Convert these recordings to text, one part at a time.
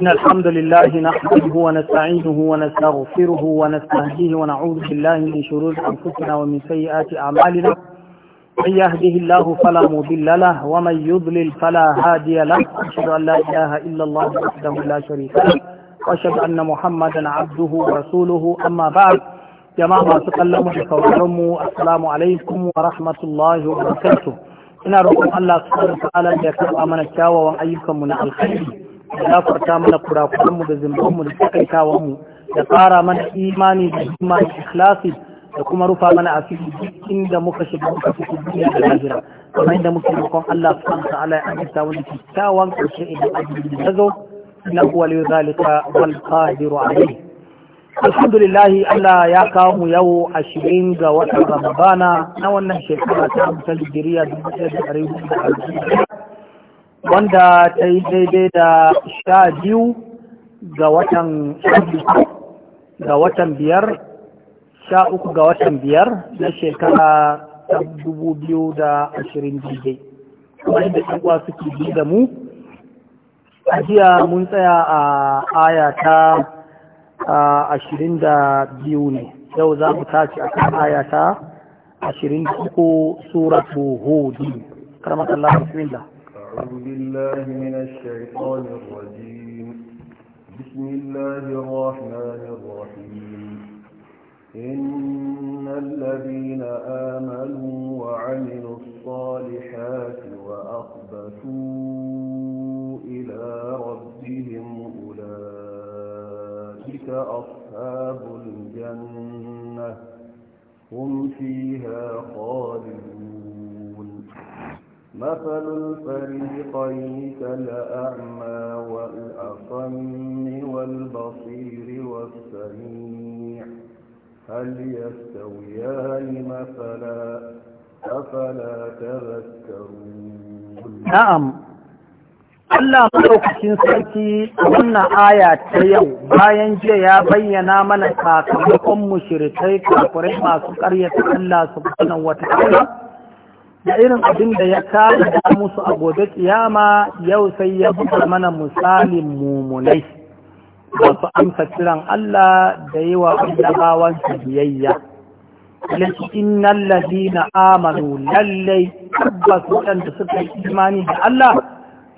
إن الحمد لله نحمده ونستعينه ونستغفره ونستهديه ونعوذ بالله من شرور أنفسنا ومن سيئات أعمالنا من يهده الله فلا مضل له ومن يضلل فلا هادي له أشهد أن لا إله إلا الله وحده لا شريك له وأشهد أن محمدا عبده ورسوله أما بعد جماعة تكلموا kallon السلام عليكم ورحمة الله وبركاته إن wa الله سبحانه وتعالى يكرم roƙon Allah subhanahu من الخير da gafarta mana kurakuranmu da zimbanmu da takaitawanmu da ƙara mana imani da himma da ikhlasi da kuma rufa mana asiri duk inda muka shiga muka fito duniya da lahira kamar inda muke roƙon Allah subhanahu wa ta'ala ya amsa wani kyakkyawan ƙarshe idan ajin da zo na huwa li zalika wal qadiru alayhi alhamdulillah Allah ya kawo mu yau ashirin ga watan Ramadana na wannan shekara ta da amsal da 1440 wanda ta yi daidai da sha biyu ga watan ga watan biyar sha uku ga watan biyar na shekara ta dubu biyu da ashirin daidai kamar yadda ɗan uwa suke bi da mu a jiya mun tsaya a aya ta ashirin da biyu ne yau za mu tashi a kan aya ta ashirin da uku suratu hudu karamar Allah bismillah أعوذ بالله من الشيطان الرجيم بسم الله الرحمن الرحيم إن الذين آمنوا وعملوا الصالحات وأخبتوا إلى ربهم أولئك أصحاب الجنة هم فيها خالدون مثل الفريقين كالأعمى والأصم والبصير والسميع هل يستويان مثلا أفلا تذكرون نعم Allah maɗaukacin sarki wannan aya ta yau bayan jiya ya bayyana mana sakamakon mushirikai kafirai masu ƙaryata Allah subhanahu wa ta'ala da irin abin da ya kama da musu a gobe kiyama yau sai ya buga mana misalin mumunai masu amsa kiran Allah da yi wa su biyayya laki innal ladina amanu lallai tabbas waɗanda suka yi imani da Allah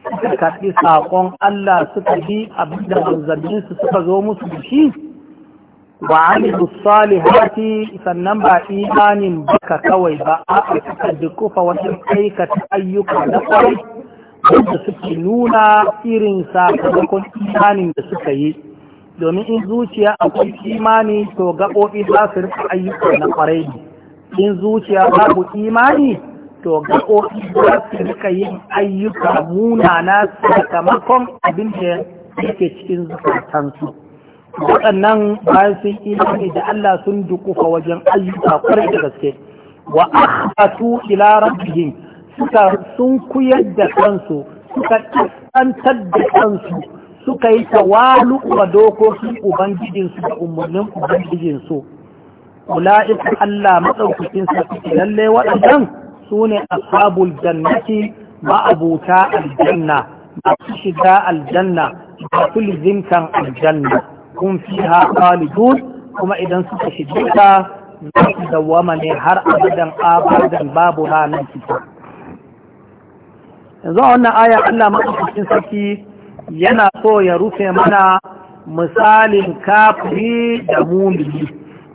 suka karɓi saƙon Allah suka bi abin da su suka zo musu da shi wa amilu salihati sannan ba imanin baka kawai ba a suka dukufa wajen aikata ayyuka na kwarai wanda suke nuna irin sakamakon imanin da suka yi domin in zuciya akwai imani to gaɓoɓi za su rika ayyuka na kwarai ne in zuciya babu imani to gaɓoɓi za su rika yin ayyuka munana sakamakon abin da yake cikin zukatansu waɗannan bayan sun imani da Allah sun dukufa wajen ayyuka kwarai da gaske wa akhatu ila rabbihim suka sun kuyar da kansu suka kaskantar da kansu suka yi tawalu wa dokokin ubangijinsu da umarnin ubangijinsu ula'ika Allah sa sarki lalle waɗannan su ne ashabul jannati abuta aljanna masu shiga aljanna masu lizimtan aljanna kun fiha khalidun kuma idan suka shige ta za su dawwama ne har abadan abadan babu ranar fita yanzu wannan aya Allah maɗaukakin sarki yana so ya rufe mana misalin kafiri da mumini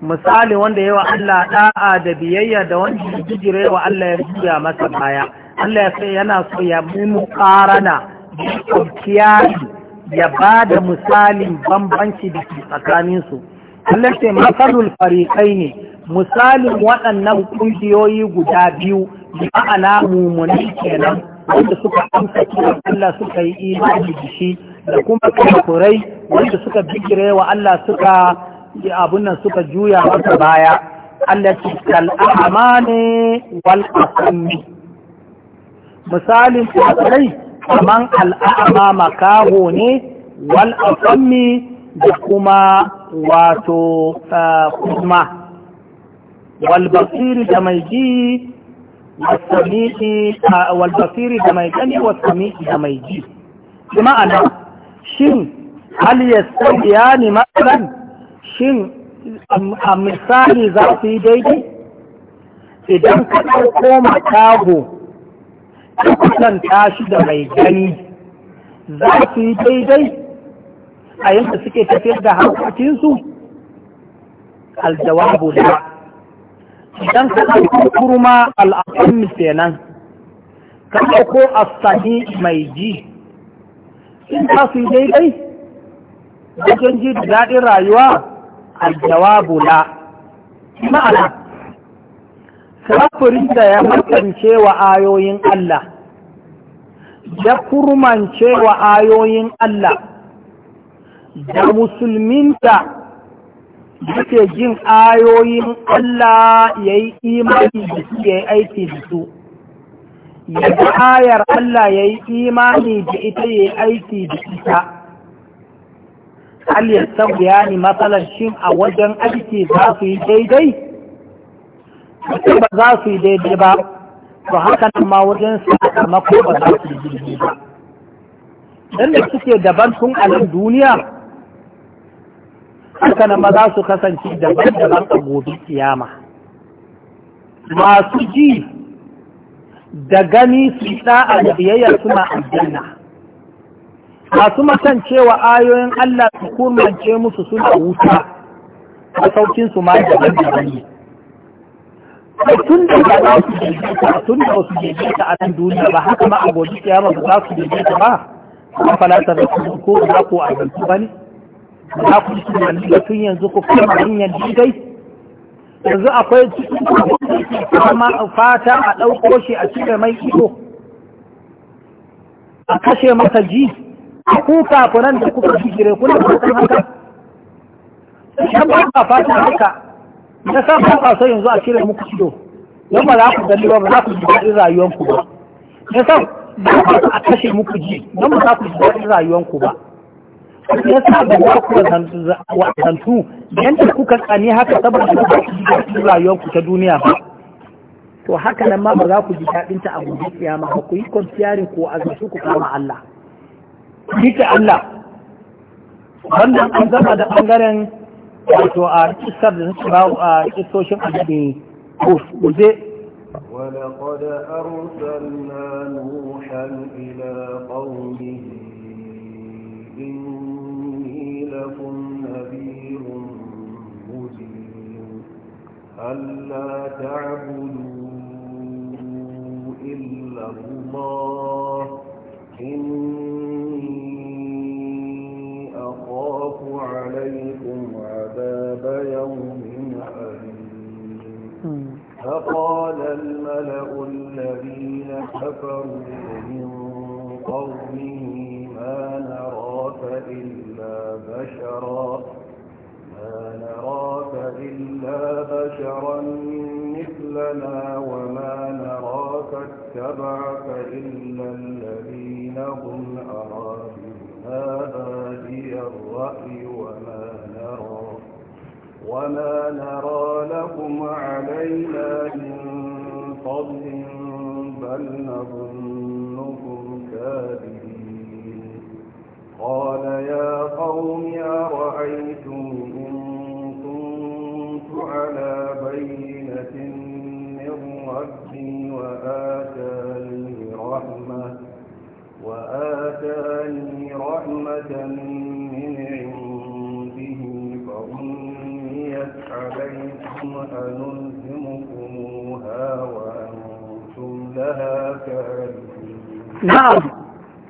misalin wanda yawa Allah da'a da biyayya da wanda ya jijire wa Allah ya juya masa baya Allah ya sai yana so ya mimu karana da kwanciyari ya ba da misalin bambanci da ke tsakaninsu Allah ce masalul fariƙai ne misalin waɗannan ƙungiyoyi guda biyu ma'ana mummuni kenan wanda suka amsa kira Allah suka yi imani da shi da kuma kafurai wanda suka bigire wa Allah suka yi abun nan suka juya wata baya Allah ce kal'ama ne wal misalin kafurai kaman al'a'ama makaho ne wal asammi da kuma wato kuma wal basiri da mai ji wal basiri da mai gani wal sami da mai ji kuma anan shin hal ya ne matsalan shin a misali za su yi daidai idan ka ɗauko makaho ka tashi da mai gani za su yi daidai a yadda suke tafiyar da harkokinsu aljawabu da idan ka ɗauko kurma al'adun kenan ka ɗauko asali mai ji in za su yi daidai wajen ji da daɗin rayuwa aljawabu la ma'ana kafirin da ya makance wa ayoyin Allah da kurmance wa ayoyin Allah da musulminta yake jin ayoyin Allah ya yi imani da su ya yi aiki da su yadda ayar Allah ya yi imani da ita ya yi aiki da ita hal ya sauya ni matsalar shin a wajen aiki za su yi daidai mutum ba za su yi daidai ba to haka nan ma wajen sakamako ba za su yi daidai ba dan da suke daban sun alin duniya haka nan ma za su kasance daban daban a gobe kiyama masu ji da gani su da'a da biyayya suna aljanna masu matan cewa ayoyin Allah su kurmance musu suna wuta a saukinsu ma daban daban ne tun da ba za su daidaita tun da su daidaita a nan duniya ba haka ma a gobe kiyama ba za su daidaita ba kuma falatar da su ko ba ko a zantu ba ne za ku yi tunani da tun yanzu ku kuma hanyar dai yanzu akwai kuma fata a ɗauko shi a cire mai ido a kashe masa ji ku kafuran da kuka jigire kuna fatan haka shan ba fata haka da sa ba ka so yanzu a cire muku ido don ba za ku gani ba ba za ku ji daɗin rayuwanku ba na sa ba ka a kashe muku ji don ba za ku ji daɗin rayuwanku ba ya sa ba za ku wasantu yadda kuka tsani haka saboda ku ba ku ji daɗin rayuwanku ta duniya ba to haka nan ma ba za ku ji daɗin ta a gobe kiyama ba ku yi kwanciyarin ko azantu ku kama Allah. Dika Allah, wannan an zama da ɓangaren ولقد أرسلنا نوحا إلى قومه إني لكم نذير مجيب ألا تعبدوا إلا الله إني أخاف عليكم عذاب يوم فقال الملأ الذين كفروا من قومه ما نراك إلا بشرا ما نراك إلا بشرا مثلنا وما نراك اتبعك إلا الذين هم أرادوا هذا لي الرأي وما نراك وما نرى لكم علينا من فضل بل نظنكم كاذبين قال يا قوم أرأيتم إن كنت على بينة من ربي وآتاني رحمة وآتاني رحمة من أنلهمكموها وأنتم لها كارهون نعم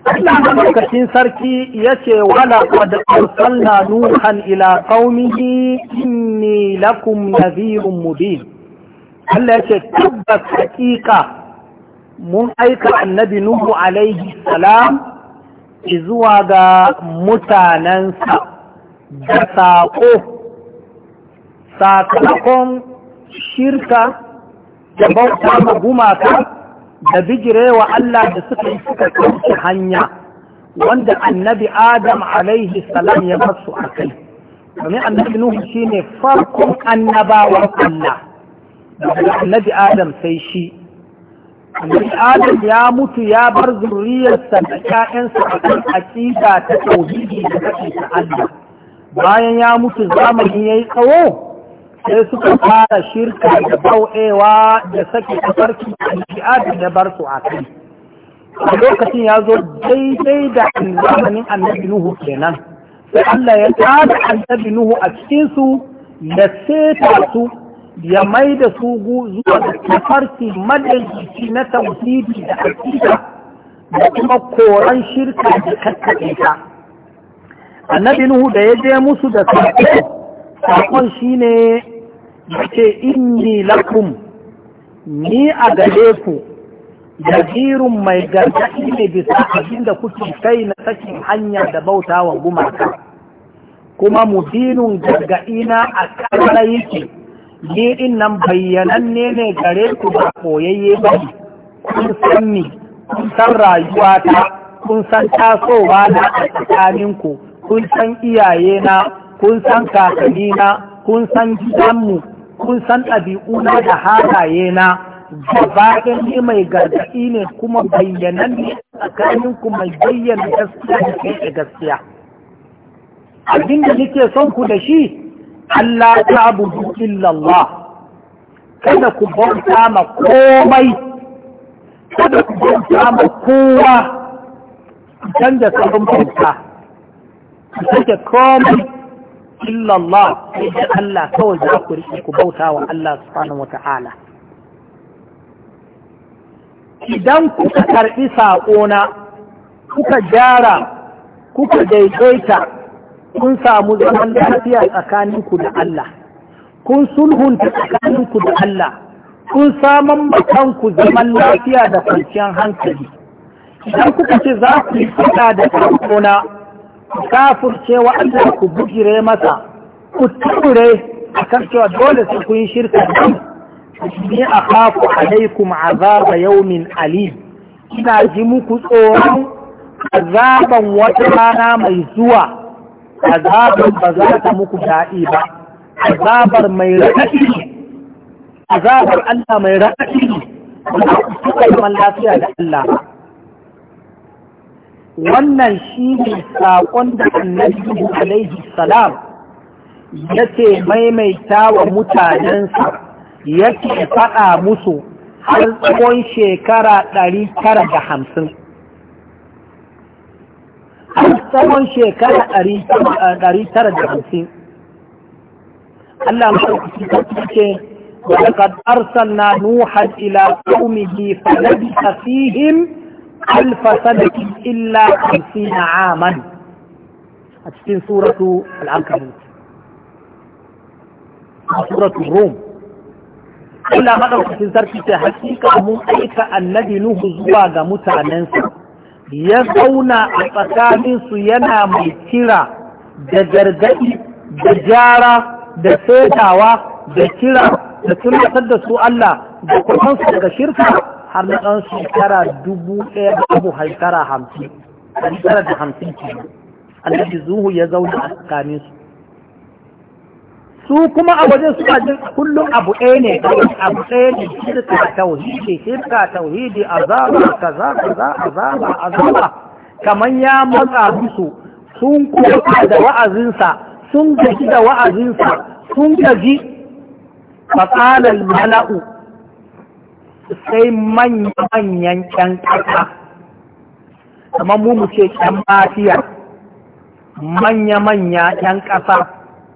Allah madaukakin sarki ya ce wala qad arsalna nuhan ila qaumihi inni lakum nadhirun mubin Allah ya ce tabbas hakika mun aika annabi nuhu alaihi salam zuwa ga mutanensa da saƙo sakamakon shirka da bauta ma gumaka da bijirewa Allah da suka yi suka kauce hanya wanda annabi Adam alaihi salam ya masu a kai. Domin annabi Nuhu shi ne farkon annabawan Allah, daga annabi Adam sai shi. Annabi Adam ya mutu ya bar zurriyarsa da ‘ya'yansa a kan aƙida ta tauhidi da kaɗe ta Allah. Bayan ya mutu zamani ya yi tsawo, sai suka fara shirka da bau'ewa da sake tafarki a shi'adu da bar su a kai a lokacin ya zo daidai da zamanin annabi nuhu kenan sai Allah ya tsada annabi nuhu a cikinsu ya seta su ya mai da su zuwa da tafarki madalci na tauhidi da aƙida da kuma koran shirka da kakkaɗe ta annabi nuhu da ya je musu da sako sakon shi ne ce inni lakum ni a gare ku jazirin mai gargaɗi ne bisa abin da kuke kai na sakin hanyar da bauta wa gumaka kuma mubinun gargaɗi na a ƙarara yake ni ɗin nan bayyananne ne gare ku ba koyayye ba kun san ni kun san rayuwata kun san tasowa na a tsakaninku kun san iyaye na kun san na kun san gidanmu kun san ɗabi'una da halaye na gabaɗin ne mai gargaɗi ne kuma bayyanan ne tsakanin ku mai bayyana gaskiya da kai gaskiya abin da nake son ku da shi Allah ta abudu illallah kada ku bauta ma komai kada ku bauta ma kowa canza sabon bauta ku sake komai illallah sai da Allah kawai za ku ku bauta wa Allah subhanahu wata'ala idan kuka karɓi saƙona kuka gyara kuka daidaita kun samu zaman lafiya tsakaninku da Allah kun sulhunta tsakaninku da Allah kun saman makanku zaman lafiya da kwanciyar hankali idan kuka ce za ku yi da saƙona kafurcewa Allah ku bugire masa ku tabure a kan cewa dole sai kun shirka shirka ni a kafu alaikum azaba yaumin alim ina ji muku tsoron azaban wata rana mai zuwa azabar ba za ta muku daɗi ba azabar mai raɗaɗi azabar Allah mai raɗaɗi ba ku lafiya da Allah ba wannan shi ne saƙon da annabi alaihi salam ce maimaita wa mutanensa yake faɗa musu har tsawon shekara ɗari tara da hamsin har tsawon shekara ɗari tara da hamsin Allah mafi ce wadda daga arsalna nuhar ila ƙaumihi fa labi fihim alfa sanati illa hamsina aman a cikin suratu al'ankabut a suratu rom Allah maɗaukacin sarki ta hakika mun aika annabi Nuhu zuwa ga mutanensa ya zauna a tsakaninsu yana mai kira da gargaɗi da jara da setawa da kira da tunatar da su Allah da su daga shirka har na ɗan shekara dubu ɗaya da abu haikara hamsin shekara da hamsin ke annabi zuhu ya zauna a tsakanin su su kuma a wajen suna jin kullum abu ɗaya ne abu ɗaya ne shirka tauhidi shirka tauhidi azaba kaza kaza azaba azaba kamar ya matsa musu sun kuka da wa'azinsa sun gaji da wa'azinsa sun gaji faƙalar mala'u sai manyan yan ƙasa kamar mu mu ce ƴan mafiya manya-manya yan ƙasa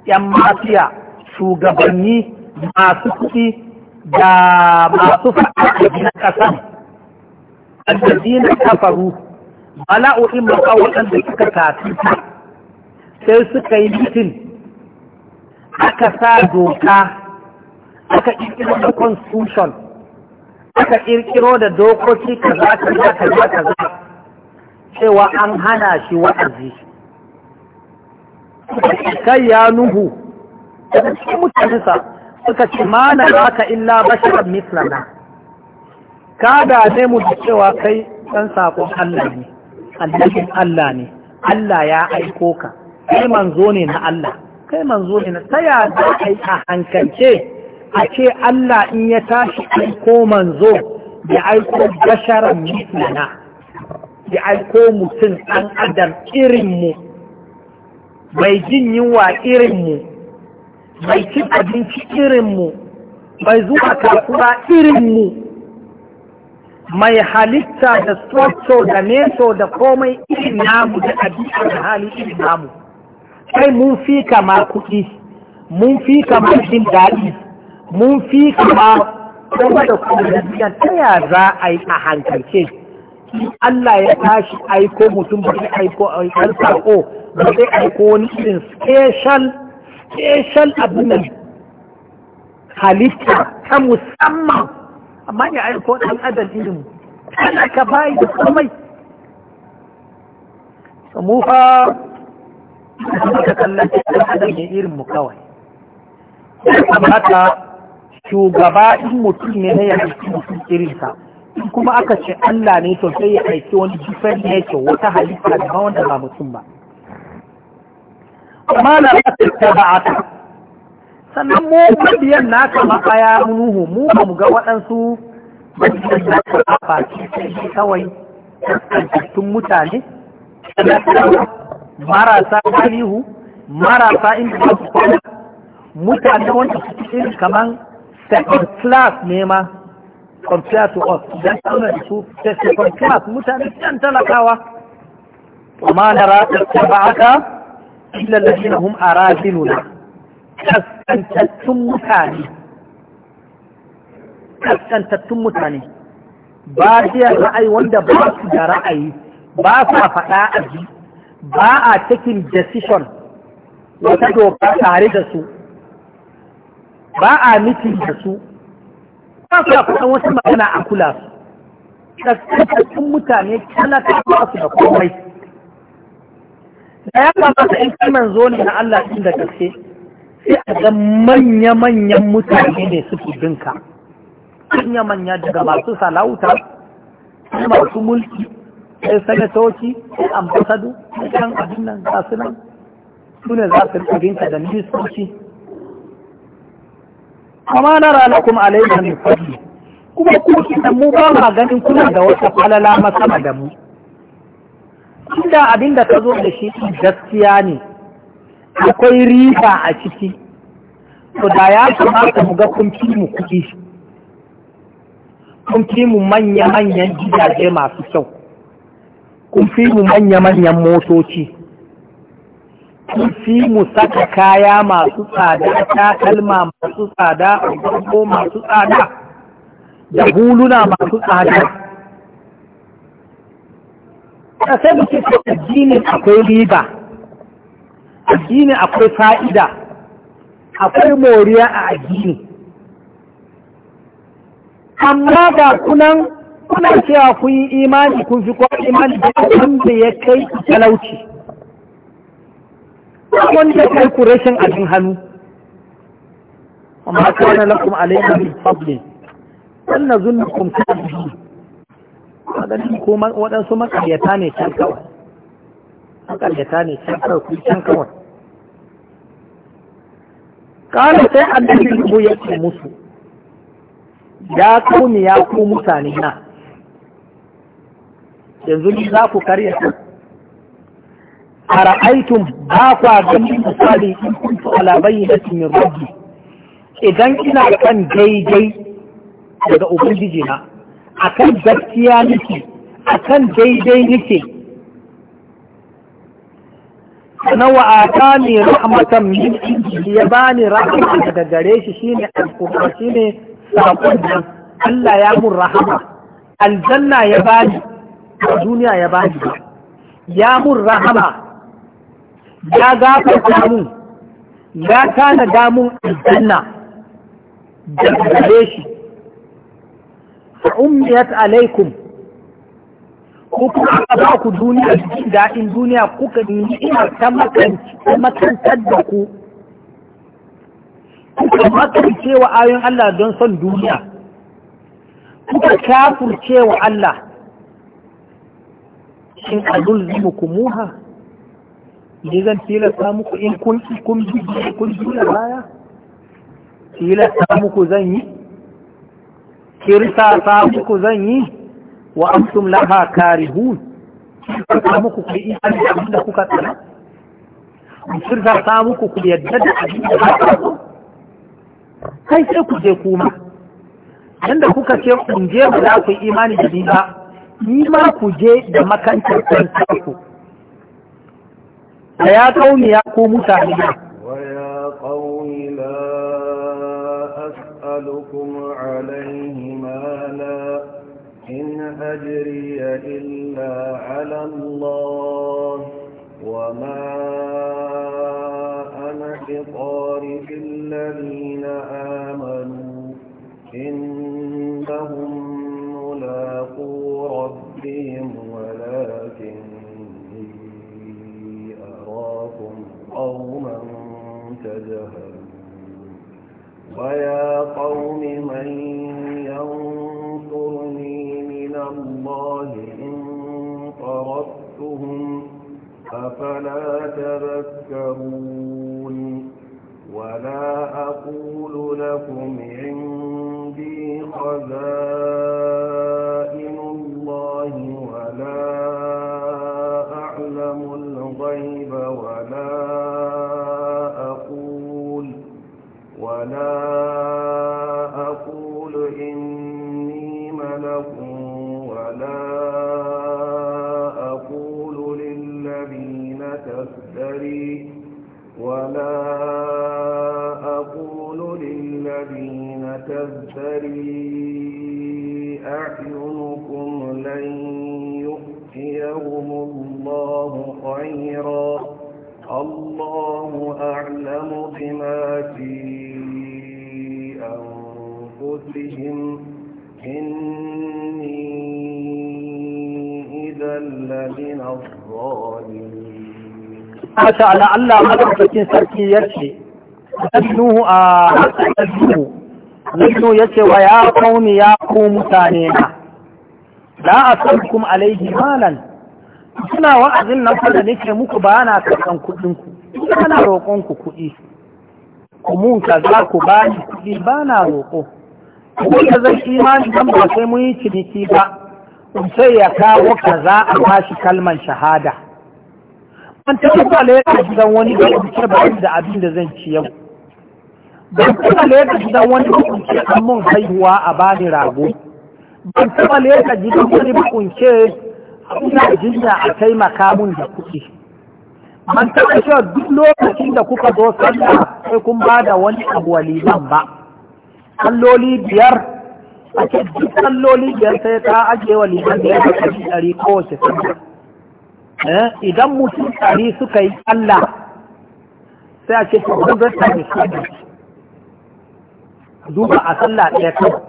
yan mafiya shugabanni masu kuɗi da masu faɗaɗi na ƙasan na kafaru bala'o'in maka waɗanda suka tafi sai suka yi mitin aka sa doka aka ƙirƙirar da constitution aka kirkiro da dokoki kaza kaza kaza kaza cewa an hana shi wa'azi kai ya nuhu daga cikin mutanensa suka ce ma na haka illa basharar mislana ka da ne mu da cewa kai ɗan saƙon Allah ne annabin Allah ne Allah ya aiko ka kai manzo ne na Allah kai manzo ne na ta yaya a hankalce a ce Allah in ya tashi aiko manzo ya aiko basharar mislana ya aiko mutum ɗan adam irinmu mai jin yunwa irinmu mai cin abinci irinmu mai zuwa kasuwa irinmu mai halitta da soso da meso da komai irin namu da abinci da hali irin namu sai mun fi kama kuɗi mun fi kama jin daɗi mun fi kuma kuma da kuma da ta ya za a yi a hankalce Allah ya tashi aiko mutum ba zai aiko a yankar sako ba zai aiko wani irin special special abinan halitta ta musamman amma ya aiko ɗan adam irin kana ka bayi da komai mu fa da kallon ɗan adam ne irin mu kawai ya kamata shugaba in mutum ne na yanki mutum irinsa kuma aka ce Allah ne to sai ya aiki wani different ke wata halitta da wanda ba mutum ba amma na ta ta. sannan mu mabiyan naka makaya nuhu mu ba mu ga waɗansu mabiyan naka a faci kawai kaskantattun mutane marasa tarihu marasa inda ba su kwana mutane wanda su cikin kamar second class ne ma compared to us dan suna da su second class mutane can talakawa amma na rata tabaka illa alladhina hum arasiluna kaskantattun mutane kaskantattun mutane ba su ra'ayi wanda ba su da ra'ayi ba sa faɗa a ba a cikin decision wata doka tare da su ba a mitin da su ba su a kusan wata magana a kula su cikin mutane ta ba su da komai da ya kamata in kalman zo ne na Allah inda da gaske sai a ga manya-manyan mutane ne suke binka manya-manya daga masu salauta sai masu mulki sai sanatoci sai ambasado sai kan abin nan su nan su ne za su rika binka da ministoci kama na ranakun alaikar mai fadi kuma kuki da mu ba ma ganin kuna da wata falala masama da mu inda abin da ta zo da shi gaskiya ne akwai riba a ciki to da ya kamata mu ga kun fi mu kuɗi kun fi mu manya-manyan gidaje masu kyau kun fi mu manya-manyan motoci fi mu saka kaya masu tsada takalma masu tsada ko masu tsada da huluna masu tsada a sai da a jini akwai riba a jini akwai fa'ida akwai moriya a jini amma ga kunan kuna cewa kun yi imani kun fi kwa imani da wanda ya kai talauci wanda kai ku rashin abin hannu amma kana lakum alaina min fadli dan nazunnukum kadhibi kadan ko waɗansu makaryata ne can kawai makaryata ne can kawai ku can kawai kana sai annabi ko ce musu ya kauni ya ku mutane na yanzu ni za ku karya أرأيتم باقوا جميع مصالي إن in على بينة من ربي إذن كنا كان جي جي daga Ubangijina, a Akan gaskiya nake, Akan daidai nake, nawa a ta ne rahmatan min ya bani ni rahama daga gare shi shine alƙur'ani shine saƙon nan Allah ya mun rahama aljanna ya bani duniya ya bani ya mun rahama ya gafarta mun ya tana damun aljanna da gare shi fa alaikum Kuka kuma aka ba ku duniya cikin daɗin duniya kuka ni'ima ta makantar da ku kuka makance wa ayoyin Allah don son duniya kuka kafurce wa Allah shin azul zimu kumuha ne zan tilasta muku in kun kun bi da baya tilasta muku zan yi kirsa sa muku zan yi wa antum laha karihun kirsa muku ku yi abin da kuka tsara kirsa sa muku ku yadda da abin da kuka kai sai ku je kuma da kuka ce kun je ba za ku imani da ni ba ni ma ku je da makantar ku. ويا قوم يا قوم تعالى ويا قوم لا أسألكم عليه مالا إن أجري إلا على الله وما أنا بطارد الذين آمنوا إنهم ملاقو ربهم قوما تجهلون ويا قوم من ينصرني من الله إن طردتهم أفلا تذكرون ولا أقول لكم عندي خزائن تزدري أعينكم لن يؤتيهم الله خيرا الله أعلم بما في أنفسهم إني إذا لمن الظالمين ما شاء الله الله مدرسة سركي يرشي آه، Zinu ya ce wa ya kauni ya ku mutane na, la a san kuma alaihi malan, suna wa'azin nan fada nake muku ba na karɓan kuɗinku, ba na roƙonku kuɗi, ku mun za ku ba ni kuɗi ba na roƙo. ka zai imani dan ba sai mun yi ciniki ba, sai ya kawo ka za a bashi kalman shahada. An tafi ba laifin gidan wani da ya da abin da zan ci yau. ban taɓa leka gidan wani hukunce an mun haihuwa a bani rago ban taɓa leka gidan wani hukunce ina jinya a taimaka mun da kuɗi ban taɓa cewa duk lokacin da kuka zo sallah sai kun ba da wani abu walidan ba alloli biyar a ce duk alloli biyar sai ta ajiye walidan da ya kashi ɗari kowace sallah eh, idan mutum ɗari suka yi sallah sai a ce to zai sami sallah duba a sallah ɗaya kawai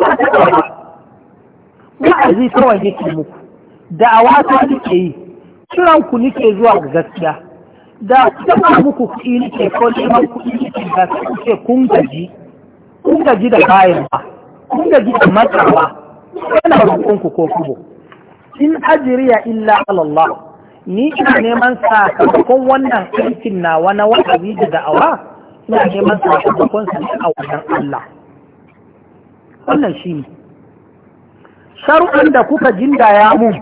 ba ta kawai wa'azi kawai nake muku da'awa ta nake yi kiran ku nake zuwa ga gaskiya da kuma muku kuɗi nake ko neman kuɗi nake ga kuke kun gaji kun gaji da bayan ba kun gaji da matawa. yana roƙon ku ko kubo in ajriya illa Allah ni ina neman sakamakon wannan aikin nawa na wa'azi da da'awa suna neman sakamakon su a wajen Allah wannan shi ne sharuɗan da kuka jindaya mun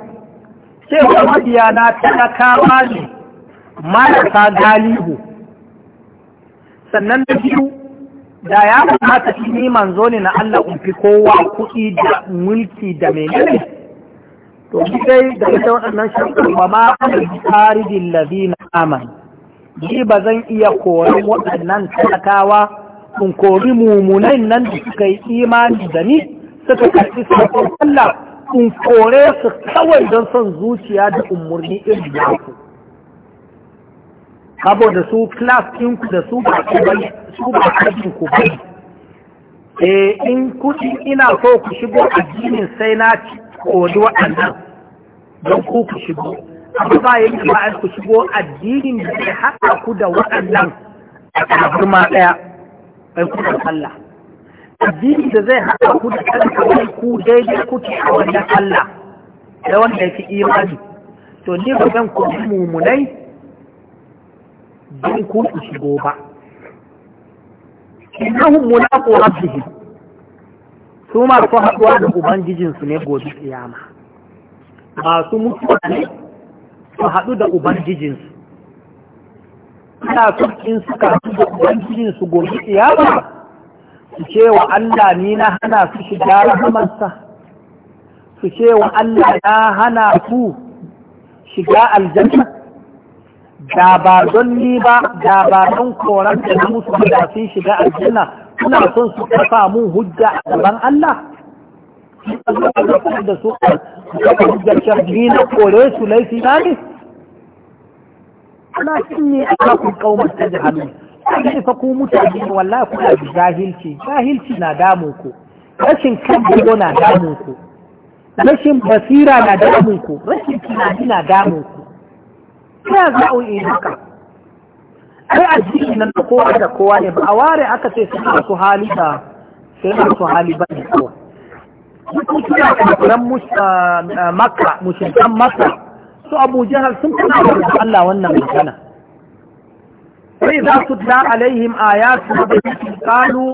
cewa mabiya na kama ne marasa galihu sannan da biyu da ya kamata shi ni manzo ne na Allah in kowa kuɗi da mulki da menene to shi dai da ita waɗannan sharuɗan ba ma aljihari na amani. ni ba zan iya kori waɗannan talakawa in kori mummunai nan da suka yi imani da ni suka karfi sakon Allah in kore su kawai don son zuciya da umarni irin Kabo da su class ɗinku da su ba su ba kajin ku bai eh in kuɗi ina so ku shigo addinin sai na kori waɗannan don ku ku shigo abu ba yi da a ku shigo addinin da ya haɗa ku da waɗannan a kafin ma ɗaya bai ku da Allah addinin da zai haɗa ku da kanka ku daidai ku ke a wannan Allah da wanda ya fi imani to ni ba zan ku mumunai don ku shigo ba innahum mulaqu rabbihim su ma su haɗuwa da ubangijinsu ne gobe kiyama masu mutuwa ne su haɗu da ubangijinsu ina son in suka haɗu da ubangijinsu gobe tsiyama su ce wa Allah ni na hana su shiga rahamansa su ce wa Allah na hana su shiga aljanna da ba don ni ba da ba don koran da na musu da sun shiga aljanna suna son su kafa mun hujja a gaban Allah da su kafa hujjar sharri na kore su laifi na ne lakinni akakum qauman tajhalun kai fa ku mutane wallahi kuna da jahilci jahilci na damu ku rashin kan gido na damu ku rashin basira na damu ku rashin tunani na damu ku ina za a yi haka ai addini nan da kowa da kowa ne ba a ware aka ce suna su hali da sai su hali ba ne kawai. Mutum kira da ah, ah, makka, mushirkan makka, su abu jahal sun kuna da Allah wannan magana sai za su da alaihim su qalu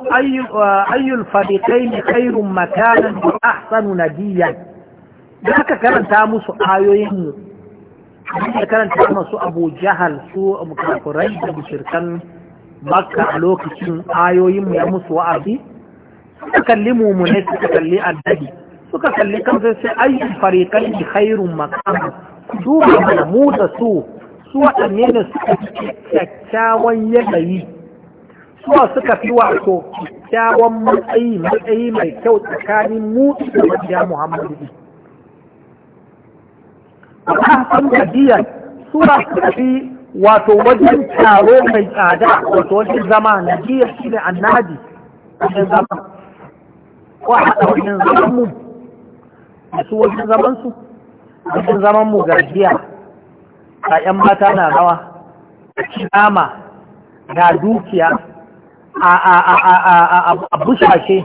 ayyul fariqayn khairun makanan sanu ahsanu nadiyan da ka karanta musu ayoyin mu da karanta masu abu jahal su mukafirai da mushrikan makka a lokacin ayoyin mu ya musu wa'azi suka kalli mumune suka kalli addadi, suka kalli kan sai ayyul fariqayn khairun makanan duba mana mu da su su waɗanne ne suka fi kyakkyawan yanayi su suka fi wato kyakkyawan matsayi matsayi mai kyau tsakanin mu da mabiya muhammadu a san gajiya su suka fi wato wajen taro mai tsada wato wajen zama na jiya shi ne annabi wajen zama ko a haɗa wajen zaman mu da su wajen zaman su Wajen zaman mu gajiya a 'yan mata na rawa nama ga dukiya a bushashe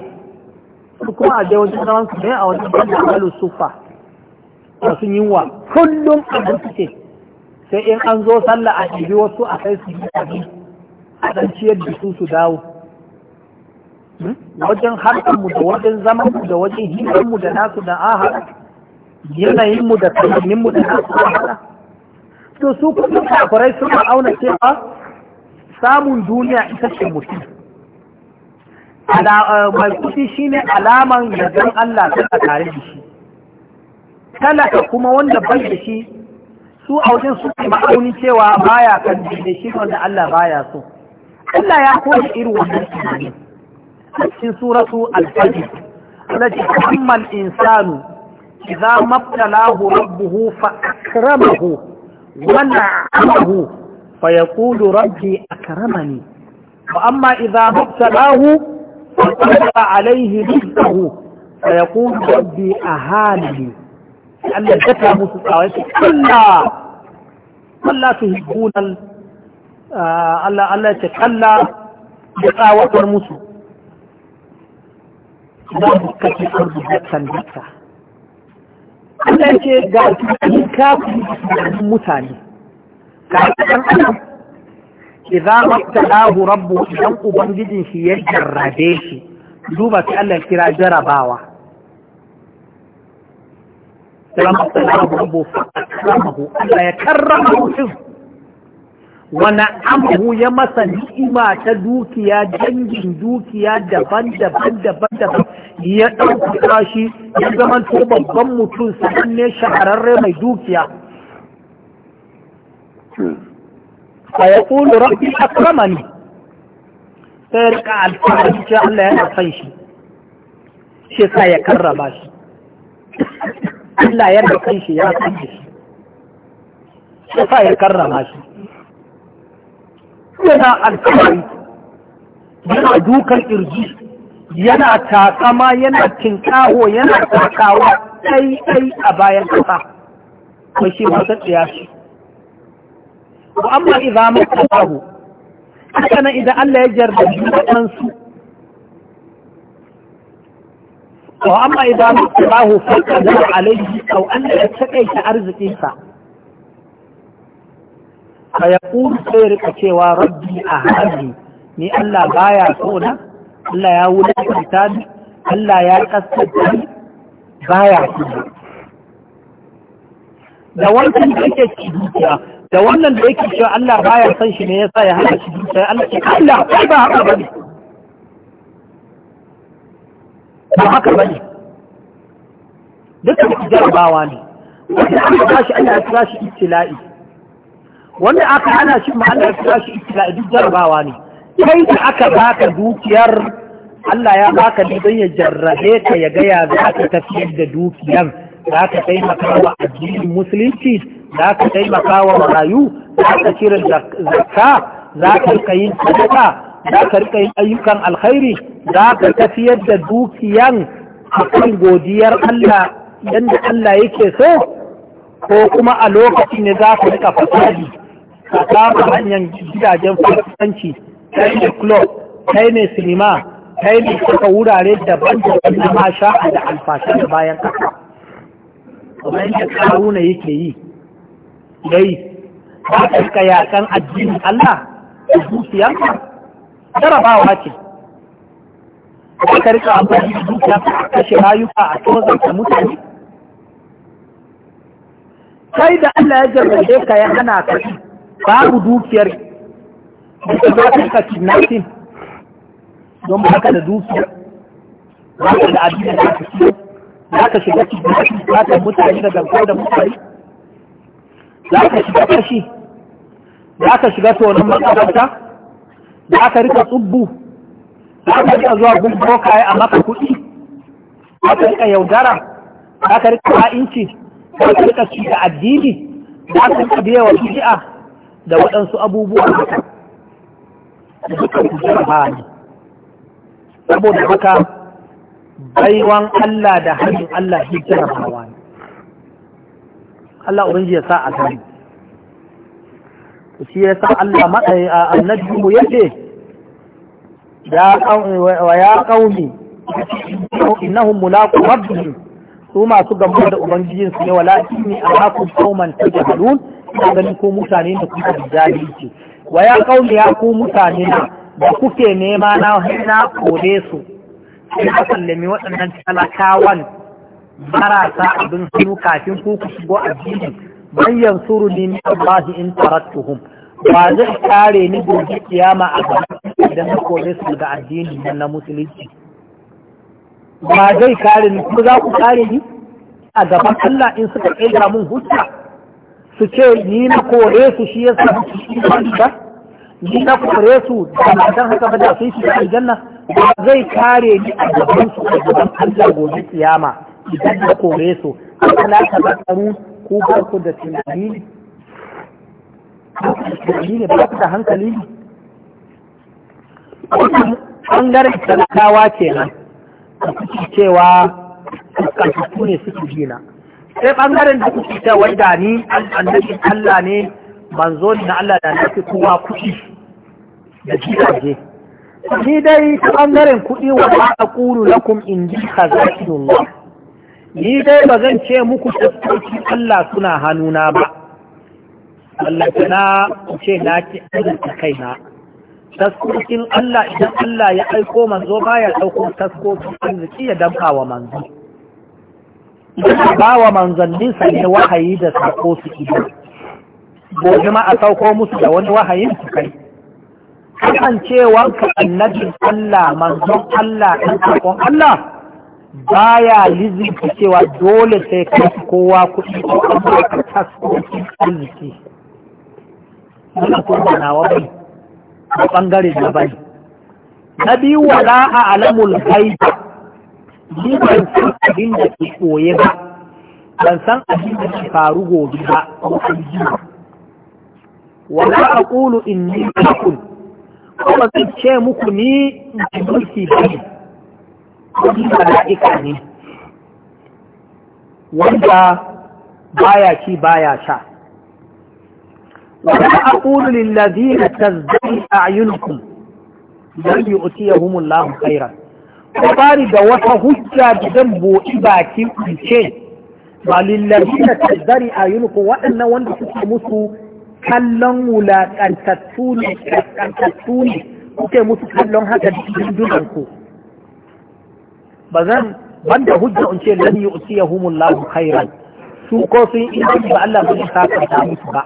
su kuma a wajen zaman su ne a wajen banda alu sufa yi wa kullum abin suke sai in an zo sallah a ɗibi wasu a kai su yi abi a ɗan ciyar da su su dawo hmm? wajen harkar mu da wajen zaman mu da wajen hirar mu da nasu da aha yanayinmu da tunaninmu da nasuwa to su kuma kafirai suna auna cewa samun duniya ita ce mutum eh, mai kuɗi shine alaman yardan Allah ta tare da shi talaka kuma wanda bai da shi su a wajen su ma'auni cewa baya kan da shi wanda Allah baya so Allah ya koyi irin wannan tunani cikin suratu al-fajr التي أما إذا ما ابتلاه ربه فأكرمه ونعمه فيقول ربي أكرمني وأما إذا ما ابتلاه فقدر عليه نفسه فيقول ربي أهانني لأن الذكر متساوية كلا كلا تهبون آه، ألا ألا يتكلى بقاوة المسلم لا بكة الأرض دكا دكا Allah ce ga tunanin mutane ka yi adam idza mabtalahu rabbu idan ubangijin shi ya jarrabe shi duba sai Allah kira jarabawa sai mabtalahu rabbu fa akramahu Allah ya karrama mutum Wani amhu ya masa ni'ima ta dukiya dangin dukiya daban-daban daban-daban ya ɗauka shi ya zama to babban mutum sananne shahararre mai dukiya a ya ƙulu rabbi akramani sai rika alfahari ce Allah yana san shi shi sa ya karrama shi Allah yana san shi ya san shi shi sa ya karrama shi yana alfahari yana dukan irji yana takama yana tinkaho yana takawa ɗai ɗai a bayan ƙasa ko shi wata tsaya shi wa amma idan mata tahu haka nan idan Allah ya jarrabi waɗansu wa amma idan mata tahu fa kadar alaihi aw an ya takaita arzikinsa fa yaqulu sai rika cewa rabbi a hannu. ni Allah baya so na Allah ya wulakanta ni Allah ya kaskanta ni baya so da wannan da yake ci dukiya da wannan da yake cewa Allah baya son shi ne yasa ya hana shi dukiya Allah ce Allah ba haka bane ba haka bane dukkan jarabawa ne wanda aka tashi Allah ya kira shi ibtila'i wanda aka hana shi ma Allah ya kira shi ibtila duk jarabawa ne kai da aka baka dukiyar Allah ya baka ne don ya jarrabe ka ya gaya za ka tafiyar da dukiyar za ka taimaka wa addinin musulunci za ka taimaka wa marayu za ka cire zakka za ka rika yin sadaka za ka rika yin ayyukan alkhairi za ka tafiyar da dukiyan akan godiyar Allah yadda Allah yake so ko kuma a lokacin ne za ka rika fasadi ka kama hanyar gidajen fasikanci kai ne club yi mai sinima yi mai suka wurare daban daban na masha da alfasha da bayan kasa kuma yadda karuna yake yi yi ba ka suka yakan addinin Allah da zuciyarka jarabawa ce ba ka rika amfani da ka a kashe rayuka a da mutane kai da Allah ya jarrabe ka ya hana ka babu dukiyar da za ta ka kidnapping don ba ka da dukiyar ba ka da abin da za ka ciyo za ka shiga kidnapping za ka mutane da garko da mutane za ka shiga kashi za ka shiga tonon makaranta za ka rika tsubbu za ka rika zuwa gun bokaye a maka kuɗi za ka rika yaudara za ka rika ha'inci za ka rika ci da addini za ka rika biya wa bid'a da waɗansu abubuwa da suka kusa ne saboda haka baiwan Allah da hannun Allah shi jarabawa ne Allah Ubangiji ya sa a gani shi ya sa Allah matsayi a annabi mu yake ya wa ya qaumi innahum mulaqu rabbihim su masu gambo da ubangijinsu ne walakin ni arakum qauman tajhalun ina ganin ko mutane da kuka da jahilci wa ya kauli ya ku mutane na da kuke nema na na kore su sai ka sallami waɗannan talakawan marasa abin sunu kafin ku ku shigo addini man suru ni min Allah in tarattuhum ba zai kare ni gobe kiyama a gaba idan na kore su daga addini nan na musulunci ba zai kare ni kuma za ku kare ni a gaban Allah in suka ƙirga mun hujja su ce ni na kore su shi yasa ba ni na kore su da matan haka ba da su shi aljanna ba zai kare ni a gaban su a gaban Allah gobe kiyama idan na kore su kana ta bakaru ko ba ku da tunani ne ba ku da hankali ne ɓangaren talakawa kenan a cewa kaskantattu ne suke gina sai bangaren da kuke ta wanda ni annabi Allah ne manzo na Allah da nake kowa kuɗi da gidaje ni dai ta bangaren kuɗi wa na aqulu lakum indi khazainullah ni dai ba zan ce muku tattauki Allah suna hannuna ba Allah na ce na ki kaina taskokin Allah idan Allah ya aiko manzo baya ɗaukar taskokin arziki ya damka wa manzo yana ba wa manzanninsa ne wahayi da sako su ido gobe ma a sauko musu da wani wahayin su kai kasancewanka annabin Allah manzon Allah ɗan sakon Allah baya lizinta cewa dole sai kai kowa kuɗi ko ka tasko taskokin arziki wannan ko ba wa bai ba bangare na bai na biyu wala a alamul gaiba ni ban san abin da ke koye ba ban san abin da ke faru gobe ba ko an ji wala aqulu inni kun kuma zan ce muku ni mulki ba ne ko ni mala'ika ne wanda baya ci baya sha ولا أقول للذين تزدري أعينكم لن يؤتيهم الله خيرا da bari da wata hujja da zan buɗi bakin ce ba lillahi na tazzari a yunuku waɗannan wanda suke musu kallon wulaƙantattu ne ƙasƙantattu ne kuke musu kallon haka dundunan ku ba zan banda hujja in ce lan yu'tiyahumullahu khairan su ko sun yi imani ba Allah ba zai sakanta musu ba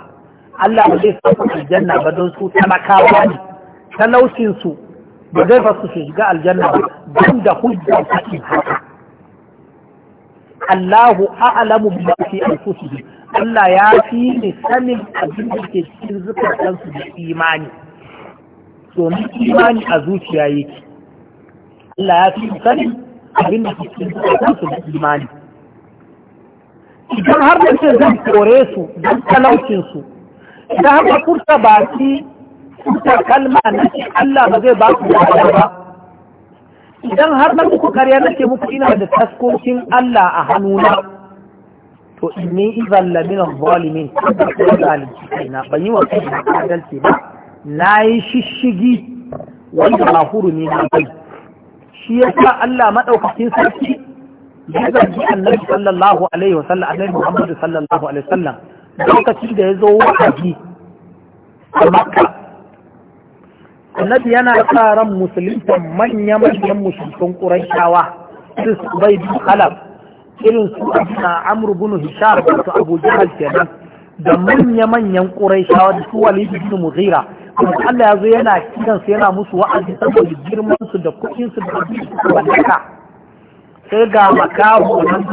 Allah ba zai sakanta aljanna ba don su talakawa ne talaucin su ba zai fasu su shiga aljanna ba don da hujja faɗi haka Allahu a'lamu bima fi anfusihim Allah ya fi ni sanin abin da ke cikin zukatan su da imani domin imani a zuciya yake Allah ya fi ni sanin abin da ke cikin zukatan su da imani idan har da ce zan kore su don talaucin su idan har da furta baki furta kalma na ce Allah ba zai ba ku da ba idan har na muku karya na ce muku ina da taskokin Allah a hannuna to inni izan lamina zalimin ko zalunci kaina ban yi wa kaina adalci ba na yi shishigi wanda ba hurumi na bai shi ya sa Allah madaukakin sarki ya zargi annabi sallallahu alaihi wa sallam annabi Muhammadu sallallahu alaihi wa sallam lokacin da ya zo wa'azi a Makka annabi yana sa ran manya-manyan musulun shawa su bai bi halal. irin su na amur bin hishar da su abu jihar kenan da manya-manyan shawa da su walid bin muzira kuma Allah ya zo yana kiran su yana musu wa'azi saboda girman su da kuɗin su da abin su wallaka sai ga makahu nan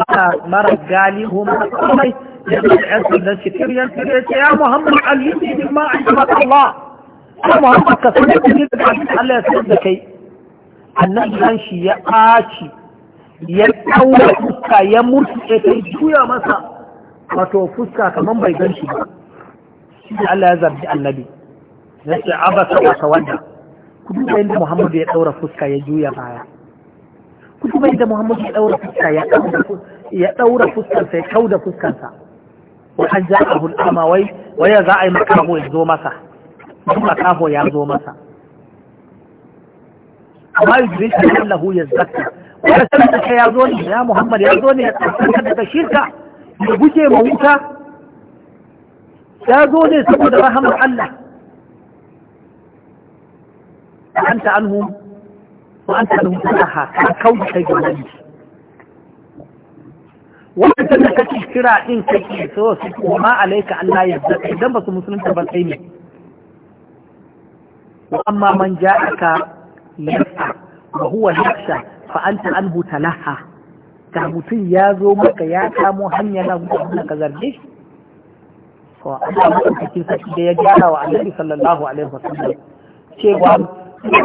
mara galihu mara kamai da ɗan ɗan sandan shi kiryan kiryan ya Muhammad Ali ne ma a Allah ko Muhammad ka sanar da ni Allah ya sanar da kai annabi ran ya ɓaci ya ɗaura fuska ya murtuke kai juya masa wato fuska kamar bai gan shi ba da Allah ya zargi annabi ya ce abasa wa tawadda ku duba inda Muhammad ya ɗaura fuska ya juya baya ku duba inda Muhammad ya ɗaura fuska ya ɗaura fuskansa ya kauda fuskansa wa an ja'ahu al-ama wai ya za a yi makaho ya zo masa don makaho ya zo masa amma yuzuri shi allahu ya zaka wanda sanar da ya zo ne ya muhammad ya zo ne ya tsarkaka daga shirka ya guje ma wuta ya zo ne saboda rahamar allah أنت عنهم وأنت عنهم كلها kira شيء جميل وأنت تكتشف كراء إن كيسوس وما عليك أن لا يزدك إذا ba sai تبقى وأما من جاءك يسعى وهو يخشى فأنت عنه تلهى تهبطي يا زو يا كامو هنيا نغمك زرجيش فأنا مكتكين سكي يا جاء وعليه صلى الله عليه وسلم شيء وعن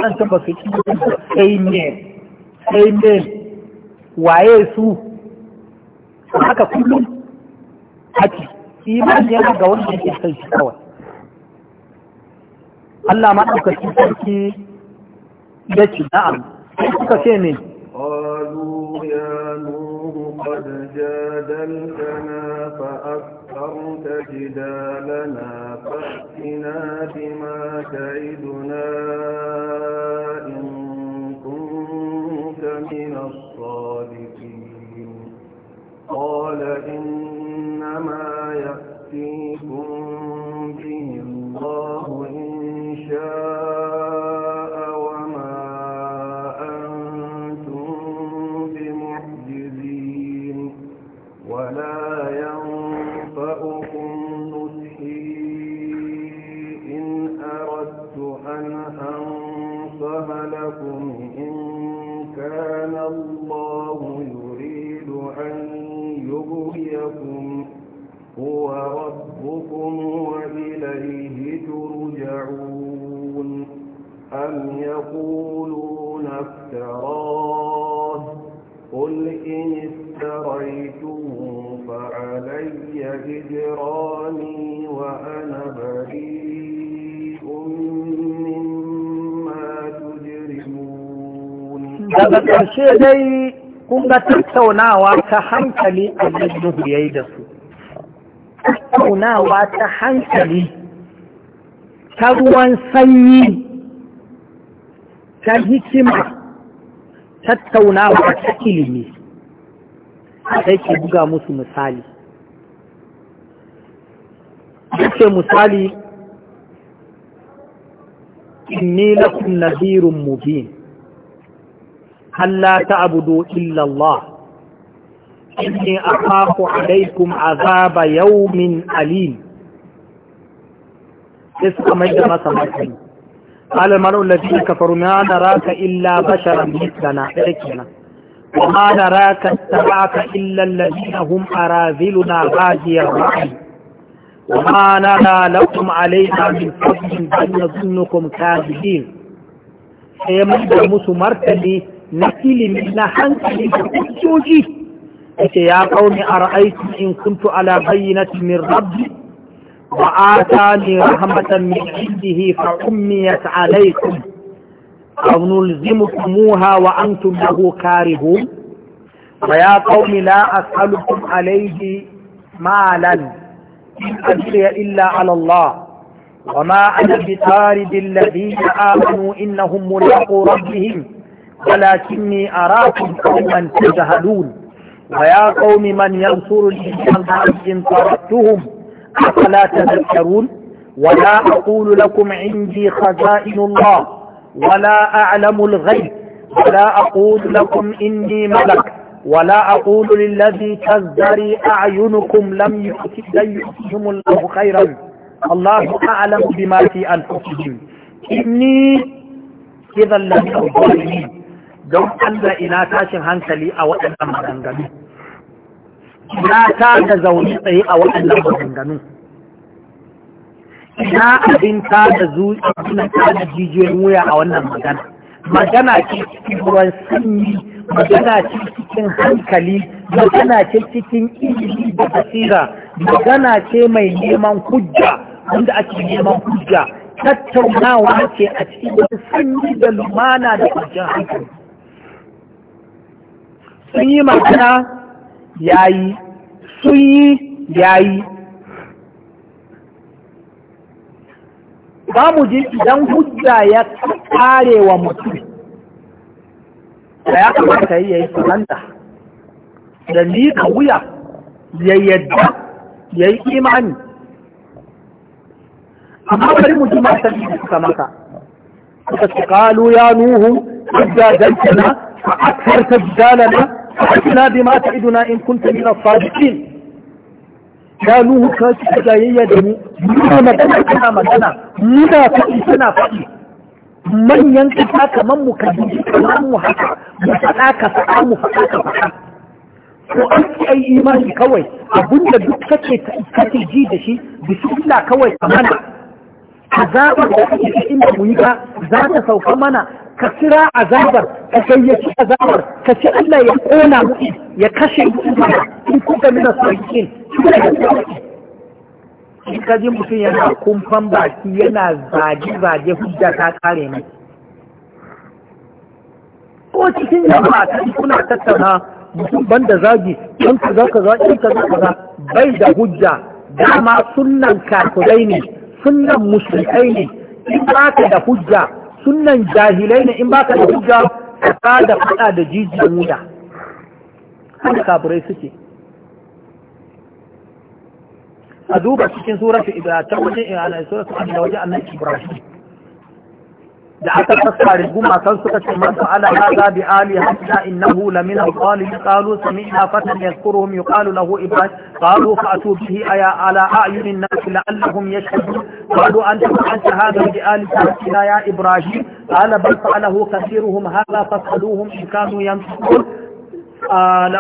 أنت بفكي أيمين أيمين waye su haka kullum haki imani yana ga wanda yake kai shi kawai Allah ma ɗauka shi sarki ya ce na'am sai suka ce ne قالوا يا نور قد جادلتنا فأكثرت جدالنا فأتنا بما تعدنا إن كنت من الصادقين قال إن daga ƙarshe dai kun ga tattaunawa ta hankali a nuhu ya yi da su tattaunawa ta hankali ta ruwan sanyi ta hikima tattaunawa ta ilimi sai ke buga musu misali yake misali inni lakum nadhirun mubin Allah ta abudu illallah, inni a kafu alaikum azaba yaumin alim, sai suka mai da masa makari, alamar ulazi ka faruwa ya nara ka illa basharar mitana ɗaya kenan, kuma nara ka tara ka illallari na hun ara na bajiyar ra'ayi, kuma nara laukum alaika min fasin zanya zunukum kajiyin, sai mai musu martali na ilimi na hankali da hujjoji yake ya kauni a ra'aitu in kuntu ala bayyinatin min rabbi wa atani rahmatan min indihi fa ummiyat alaykum aw nulzimukumuha wa antum lahu karihun wa ya qaumi la as'alukum alayhi malan in ajriya illa ala Allah وما أنا بطارد الذين آمنوا إنهم ملاقو ربهم ولكني أراكم قوما تجهلون ويا قوم من ينصرني من إن طردتهم أفلا تذكرون ولا أقول لكم عندي خزائن الله ولا أعلم الغيب ولا أقول لكم إني ملك ولا أقول للذي تزدري أعينكم لم يؤتهم الله خيرا الله أعلم بما في أنفسهم إني إذا لمن الظالمين don Allah ina tashin hankali a waɗannan maganganu ina ta da zaune tsaye a waɗannan maganganu ina abin ta da suna ta da jijiyoyin wuya a wannan magana magana ce cikin ruwan sanyi magana ce cikin hankali magana ce cikin ilimi da basira magana ce mai neman hujja wanda ake neman hujja tattaunawa ce a cikin wani sanyi da lumana da kujjan hankali sun yi magana ya yi sun yi ya yi ba mu ji idan hujja ya kare wa mutum da ya kamata ya yi sunanta da lika wuya ya yadda ya yi imani amma bari mu ji mata da suka maka suka su kalu ya nuhu hujja dantana akwai akthar tajjalana فأتنا بما تعدنا إن كنت من الصادقين قالوا كاش جاية دمو منا مدنا كنا مدنا منا فأي سنا فأي من ينقص هكا من مكذب كلام هكا مسلاك فأم فأك فأك ko an ci ai imani kawai abinda duk kake kake ji da shi bismillah kawai ka mana azabar da kake inda mu yi ka za ta sauka mana ka kira azabar ka gayyaci azabar ka ce Allah ya kona mu ya kashe mu in kuka mina sarkin in ka ji mutum yana kumfan baki yana zage-zage hujja ta kare mai ko cikin yamma ta kuna tattauna mutum banda zagi in ka za ka za in ka za ka za bai da hujja dama sunnan kafirai ne sunnan musulmai ne in ba ka da hujja sunnan jahilai ne in baka da hujja ka da fada da jijiyar wuya haka kafirai suke a duba cikin suratul ibrahim ta wajen ana suratul ibrahim wajen annan ibrahim da aka tsare gumakan suka ce masu ala hada bi ali hatta innahu la min al-qalim qalu sami'na fatan yadhkuruhum yuqalu lahu ibrahim qalu fa'tu bihi aya ala a'yunin nas la'allahum yashhadun qalu anta fa'alta hada bi ali ya ibrahim qala bal fa'alahu kathiruhum hadha fas'aluhum in kanu yanfiqun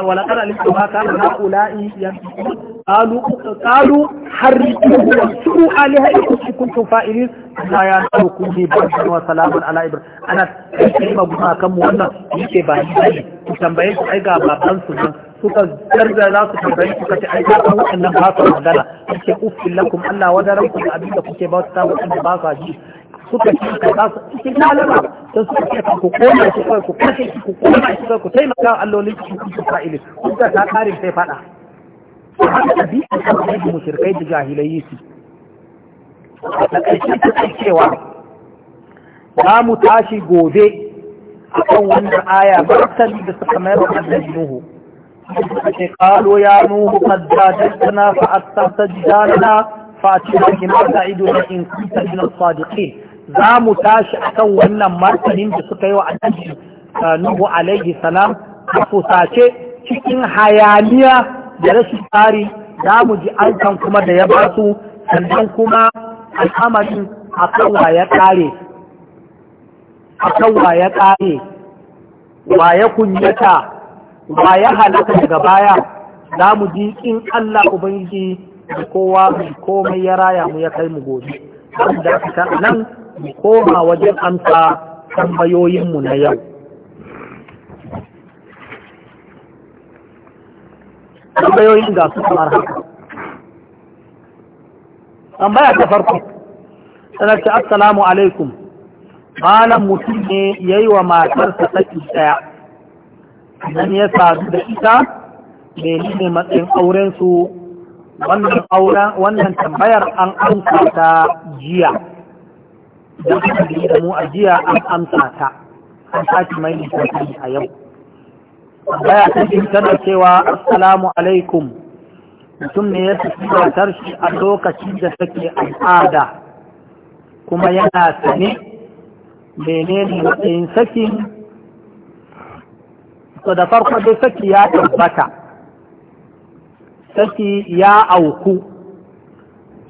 ولقد علمتم ما كان هؤلاء قالوا قالوا حرقوه وانصروا آلهتكم إن كنتم فاعلين لا ينالكم به برد وسلام على إبراهيم أنا كلمة بما كم وانا yake ba ni ku tambaye su ai ga baban nan suka zarga za su tambayi suka ce ai ga waɗannan ba su magana yake uffin lakum Allah wadaran ku da abin kuke ba su ta waɗanda ba su ji suka ce ka za su cikin lalama sun suka ce ka ku koma shi kawai ku kashe shi ku koma shi kawai ku taimaka allolin shi ku fa'ili kun ta karin sai faɗa haka da biyu an kama yadda mushrikai da jahilai su da ƙarshe ta kai cewa za mu tashi gobe a kan wannan aya martani da suka mayar wa annabi nuhu قالوا يا نوح ta جادلتنا فأكثرت جدالنا فأتنا بما تعدنا إن كنت من الصادقين za mu tashi kan wannan martanin da suka yi wa annabi uh, nuhu alaihi salam a fusace cikin hayaniya da rashin tsari za mu ji an kuma da ya ba su sannan kuma al'amarin a kan wa ya kare a kan wa ya kare wa ya kunyata wa ya halaka daga baya za mu ji in Allah ubangiji da kowa mai komai ya raya mu ya kai mu gobe. Wanda nan mu koma wajen amsa tambayoyinmu na yau tambayoyin ga su kamar haka tambaya ta farko sanarci assalamu alaikum malam mutum ne ya yi wa matarsa saki daya idan ya sadu da ita ne matsayin aurensu wannan tambayar an amsa ta jiya don aka yi da mu ajiya an amsa ta an sake mai misali a yau baya ta shi tana cewa assalamu alaikum mutum ne ya fi matar shi a lokacin da take al'ada kuma yana sane menene matsayin sakin to da farko dai saki ya tabbata saki ya auku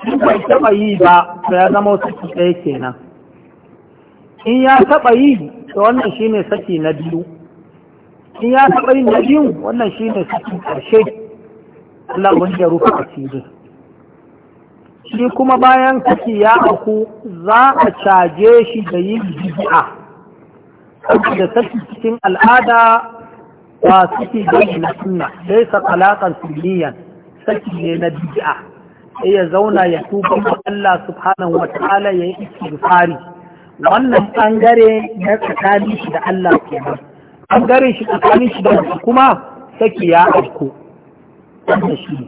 in bai taɓa yi ba ya zama saki ɗaya kenan in ya taɓa yi da wannan shi ne saki na biyu in ya taɓa yi na biyu wannan shi ne saki ƙarshe Allah wani ya rufe asiri shi kuma bayan saki ya aku za a caje shi da yin jibi'a saboda saki cikin al'ada ba saki da yi na suna. sai sa talakan saki ne na bidi'a sai ya zauna ya tuba Allah subhanahu wa ta'ala ya yi istighfari wannan bangare ya tsakani shi da Allah kenan bangaren shi tsakani shi da wasu kuma saki ya afko wanda shi ne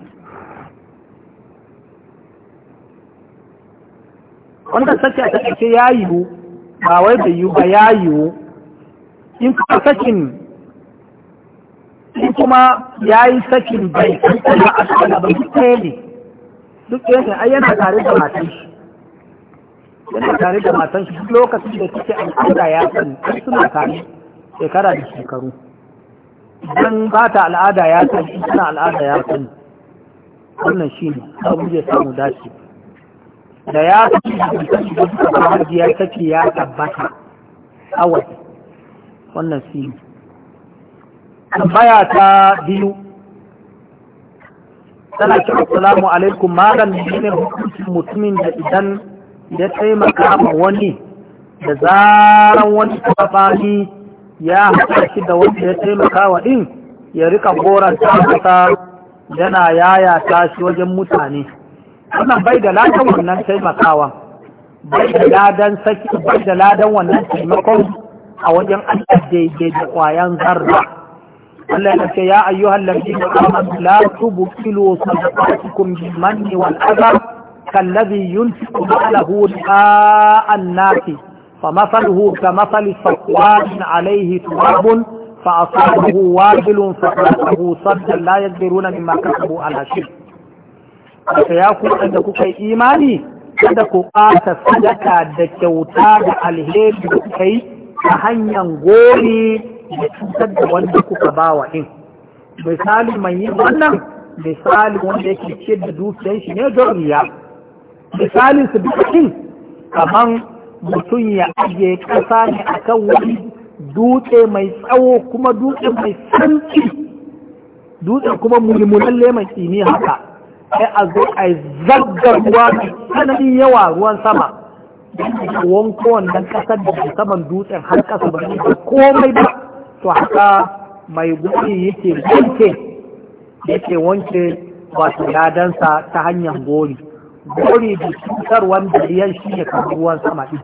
wanda saki a takaice ya yi yiwu ba wai da yi ba ya yi yiwu in kuma sakin in kuma ya yi sakin bai kuma a tsakanin ba duk ɗaya ne duk ɗaya ne ai tare da matan shi yana tare da matan su lokacin da suke al'ada ya sani suna tare shekara da shekaru idan ba ta al'ada ya sani suna al'ada ya sani wannan shi ne abu ya samu dace da ya sani da mutum da suka kamaji ya kace ya tabbata awai wannan shi ne tambaya ta biyu tana ce assalamu alaikum malam ne hukuncin mutumin da idan da taimaka ma wani da zaran wani sabani ya haɗa shi da wani ya taimaka wa ɗin ya rika goranta masa yana ta shi wajen mutane wannan bai da ladan wannan taimakawa bai da ladan saki bai da ladan wannan taimakon a wajen Allah daidai da kwayan zarra Allah ya ce ya ayyuhal ladina amanu la tubqilu sadaqatukum bil manni wal adha كالذي ينفق ماله رئاء الناس فمثله كمثل صفوان عليه تراب فأصابه واجل فأصابه صدا لا يقدرون مما كسبوا على شيء فيقول عندك كي إيماني kada ku ƙasa sadaka da kyauta da alheri da kuka yi ta hanyar gori da cutar da wanda kuka ba wa Misali mai yi wannan, misali wanda yake ce da dukiyar shi ne don misalin su dukkan kamar mutum ya ajiye ƙasa ne a kan wani dutse mai tsawo kuma dutse mai sanci dutse kuma mulmulalle mai tsini haka sai a zo a zaggar ruwa mai tsananin yawa ruwan sama wanko wannan kasar da saman dutsen har kasa ba da komai ba to haka mai guri yake wanke yake wanke wato yadansa ta hanyar goli gori da cutar wanda ya shi ne kamar ruwan sama ɗin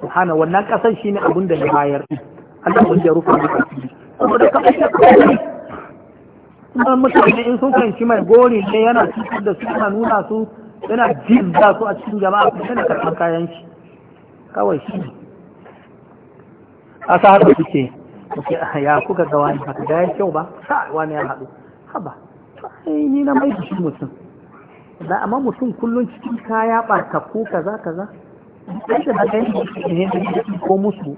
subhana wannan ƙasar shi ne abin da ya bayar ɗin Allah ya rufe da ƙasiri saboda kamar shi kuma mutane in sun shi mai gori ne yana cutar da su yana nuna su yana jin za su a cikin jama'a kuma yana karɓar kayan shi kawai shi ne a sa haka suke ya kuka ga wani haka da ya kyau ba sa wani ya haɗu haba ni na mai shi mutum da amma mutum kullum cikin kaya ɓarkaku kaza kaza sai da na gani ne ne ko musu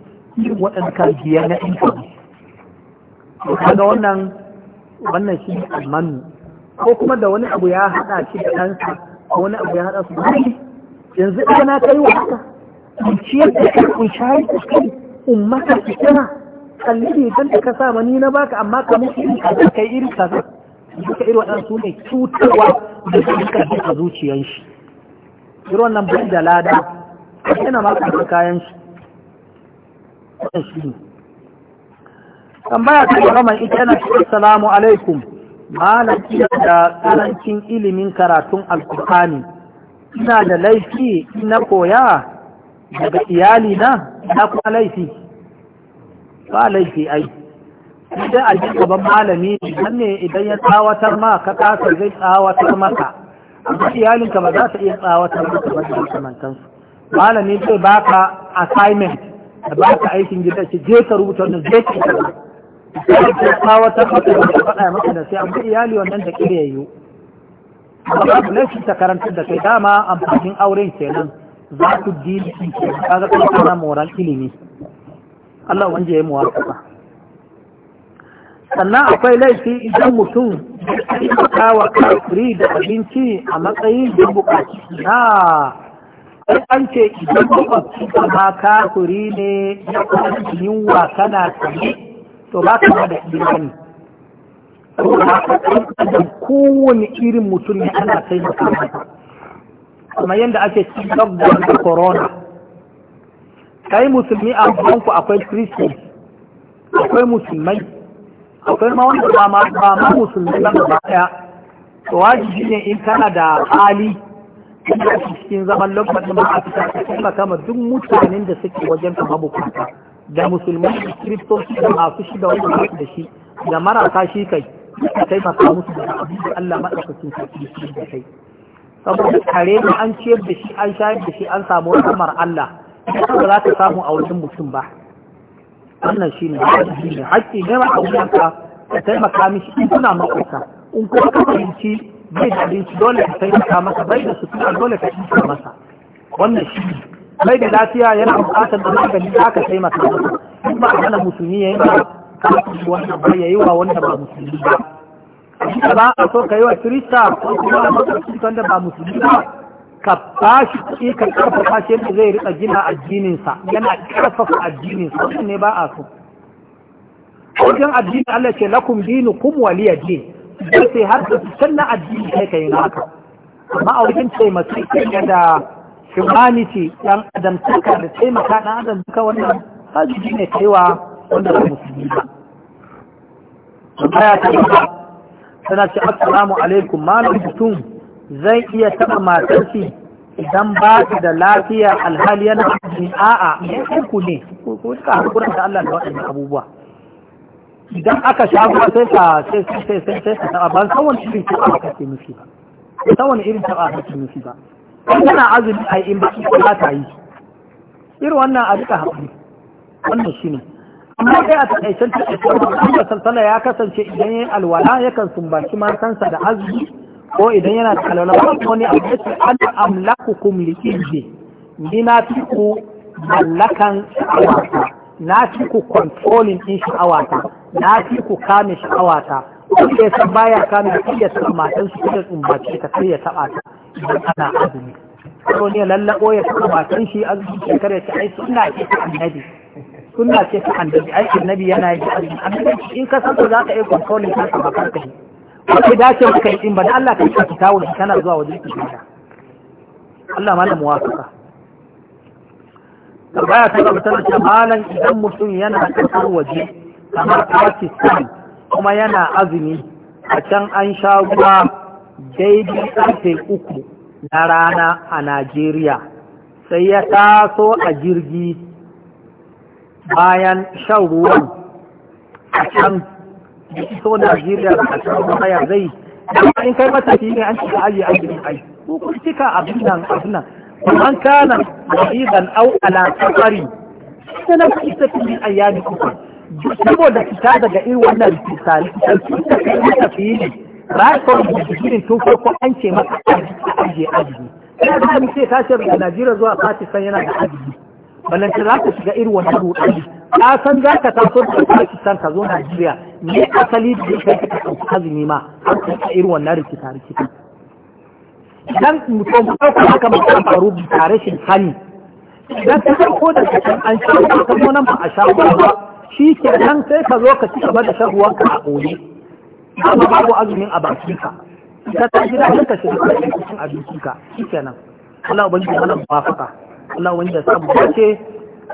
waɗanda kan biya na intanet kaga wannan wannan shi almanu ko kuma da wani abu ya haɗa shi da ɗansa ko wani abu ya haɗa su yanzu ɗaya na kai wa haka ciyar da kai kun shayar da kai ummata su kira kalli ne don ka sa mani na baka amma ka mutu ka kai iri kaza duka irin su ne cutarwa da suka ji a zuciyan shi irin wannan bai da lada yana ma kan kayan shi wannan shi ne tambaya ta gaba mai ita na shi salamu alaikum malam ina da karancin ilimin karatun alkur'ani ina da laifi na koya daga iyali na na kuma laifi ba laifi ai idan aljin gaban malami idan ne idan ya tsawatar ma ka kasa zai tsawatar maka amma iyalinka ba za ta iya tsawatar maka ba da makamantansu malami zai baka assignment da baka aikin gida ce je ka rubuta wannan je ka sai ka tsawatar maka da ka faɗa maka da sai amma iyali wannan da kire yayu amma laifin ta karantar da kai dama amfanin auren kenan za ku dini kenan kaga kana moral ilimi Allah wanje ya yi muwafaka sannan akwai laifi idan mutum ya wa kafiri da abinci a matsayin da bukaci na sai an ce idan da ma kafiri ne ya kwanci wasa kana sami to ba ka da imani da kowane irin mutum ne ana taimaka masa kuma yadda ake ci da corona kai musulmi a banku akwai christian akwai musulmai akwai ma wanda ba ma ba ma musulmi ba gaba daya to wajibi ne in kana da hali cikin zaman lokacin ma a fita ka duk mutanen da suke wajen ka mabukata da musulmai da kiristoci da masu shi da wanda da shi da marasa shi kai ka taimaka musu da abin da Allah maɗaukakin sarki shi da kai saboda kare ne an ciyar da shi an shayar da shi an samu rahmar Allah ba za ka samu a wajen mutum ba wannan shi ne haƙƙi ne ma a wuyanka ka taimaka mishi in kuna makwabta in kuma ka fahimci bai da abinci dole ka taimaka masa bai da sutura dole ka taimaka masa wannan shi ne bai da lafiya yana buƙatar da magani za ka taimaka masa in ba a hana musulmi ya yi ba kafin wanda ba ya yi wa wanda ba musulmi ba. Ba a so ka yi wa Kirista ko kuma a wanda ba musulmi ba ka ba shi kuɗi ka ƙarfafa shi yadda zai riƙa gina addininsa yana ƙarfafa addininsa wannan ne ba a so wajen addini Allah ce lakum dinu kum waliya din sai sai har da na addini kai yi naka amma a wajen taimaki kai da humanity ɗan adam saka da taimaka ɗan adam duka wannan hajji ne kaiwa wanda ba musulmi ba baya ta sana ce assalamu alaikum malam mutum zai iya taɓa matarsi idan ba su da lafiya alhali yana ajin a'a mai ku ne ko suka hakuran da Allah da waɗannan abubuwa idan aka shafa sai ka sai sai sai sai sai taɓa ban san wani irin taɓa ka ce musu ba san wani irin taɓa aka ce musu ba kana azumi ai in ba ka ta yi irin wannan a duka haƙuri wannan shine amma dai a taƙaicen taƙaicen da Allah sallallahu ya kasance idan ya yi alwala yakan sumbaci matansa da azumi ko idan yana da alwala ba wani abu amlaku ana amlakukum likiji ni na fi ku mallakan sha'awata na fi ku kontrolin din sha'awata na fi ku kame sha'awata wanda ya san baya kame da iya taɓa matan su kuma tsumbace ta sai ya taɓa ta idan ana azumi ko ne lallabo ya taɓa matan shi azumi shekara ya ce ai suna ce ta annabi suna ce ta annabi ai annabi yana yi azumi amma in ka san za ka iya kontrolin ta ba ka yi. ba kai dace maka yi ba da Allah ka ka kawo shi kana zuwa wajen ki da Allah malam muwafaka baya ta gaba tana ce malam idan mutum yana kasar waje kamar Pakistan kuma yana azumi a can an sha ruwa daidai karfe uku na rana a Najeriya sai ya taso a jirgi bayan shan ruwan a can da iso Najeriya da kasar haya zai in kai an shiga aji aji ai ko kun cika abin nan abin nan man kana maridan au ala safari sana ku isa fi ayyami ku saboda fita daga irin wannan misali da kai matafi ne rakon jirgin tun farko an ce maka aji aji aji ya zama ce tashar da Najeriya zuwa Pakistan yana da aji balanta za ka shiga irin wani rudani ka san za ka taso da Pakistan ka zo Najeriya ne asali da kai ka ɗauki azumi ma an ka irin wannan rikita rikita dan mutum ko haka ba ka faru tare shi sani dan ka ko da ka an shi ka zo nan ba a sha ba shi ke nan sai ka zo ka ci gaba da shahuwar ka a ƙone amma babu azumin a bakin ka ka ta gida ka shiga cikin abincin ka shi kenan Allah ubangiji mana muwafaqa الله وإن سابوا باتي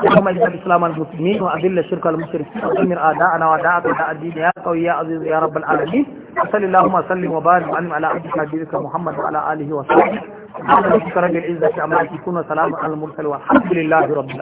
اللهم اجعل الاسلام المسلمين واذل الشرك المشركين ودمر اعداءنا واعداءك اعداء الدين يا قوي يا عزيز يا رب العالمين وصل اللهم وسلم وبارك وانعم على عبدك نبيك محمد وعلى اله وصحبه سبحان ربك رب العزه عما يصفون وسلام على المرسل والحمد لله رب العالمين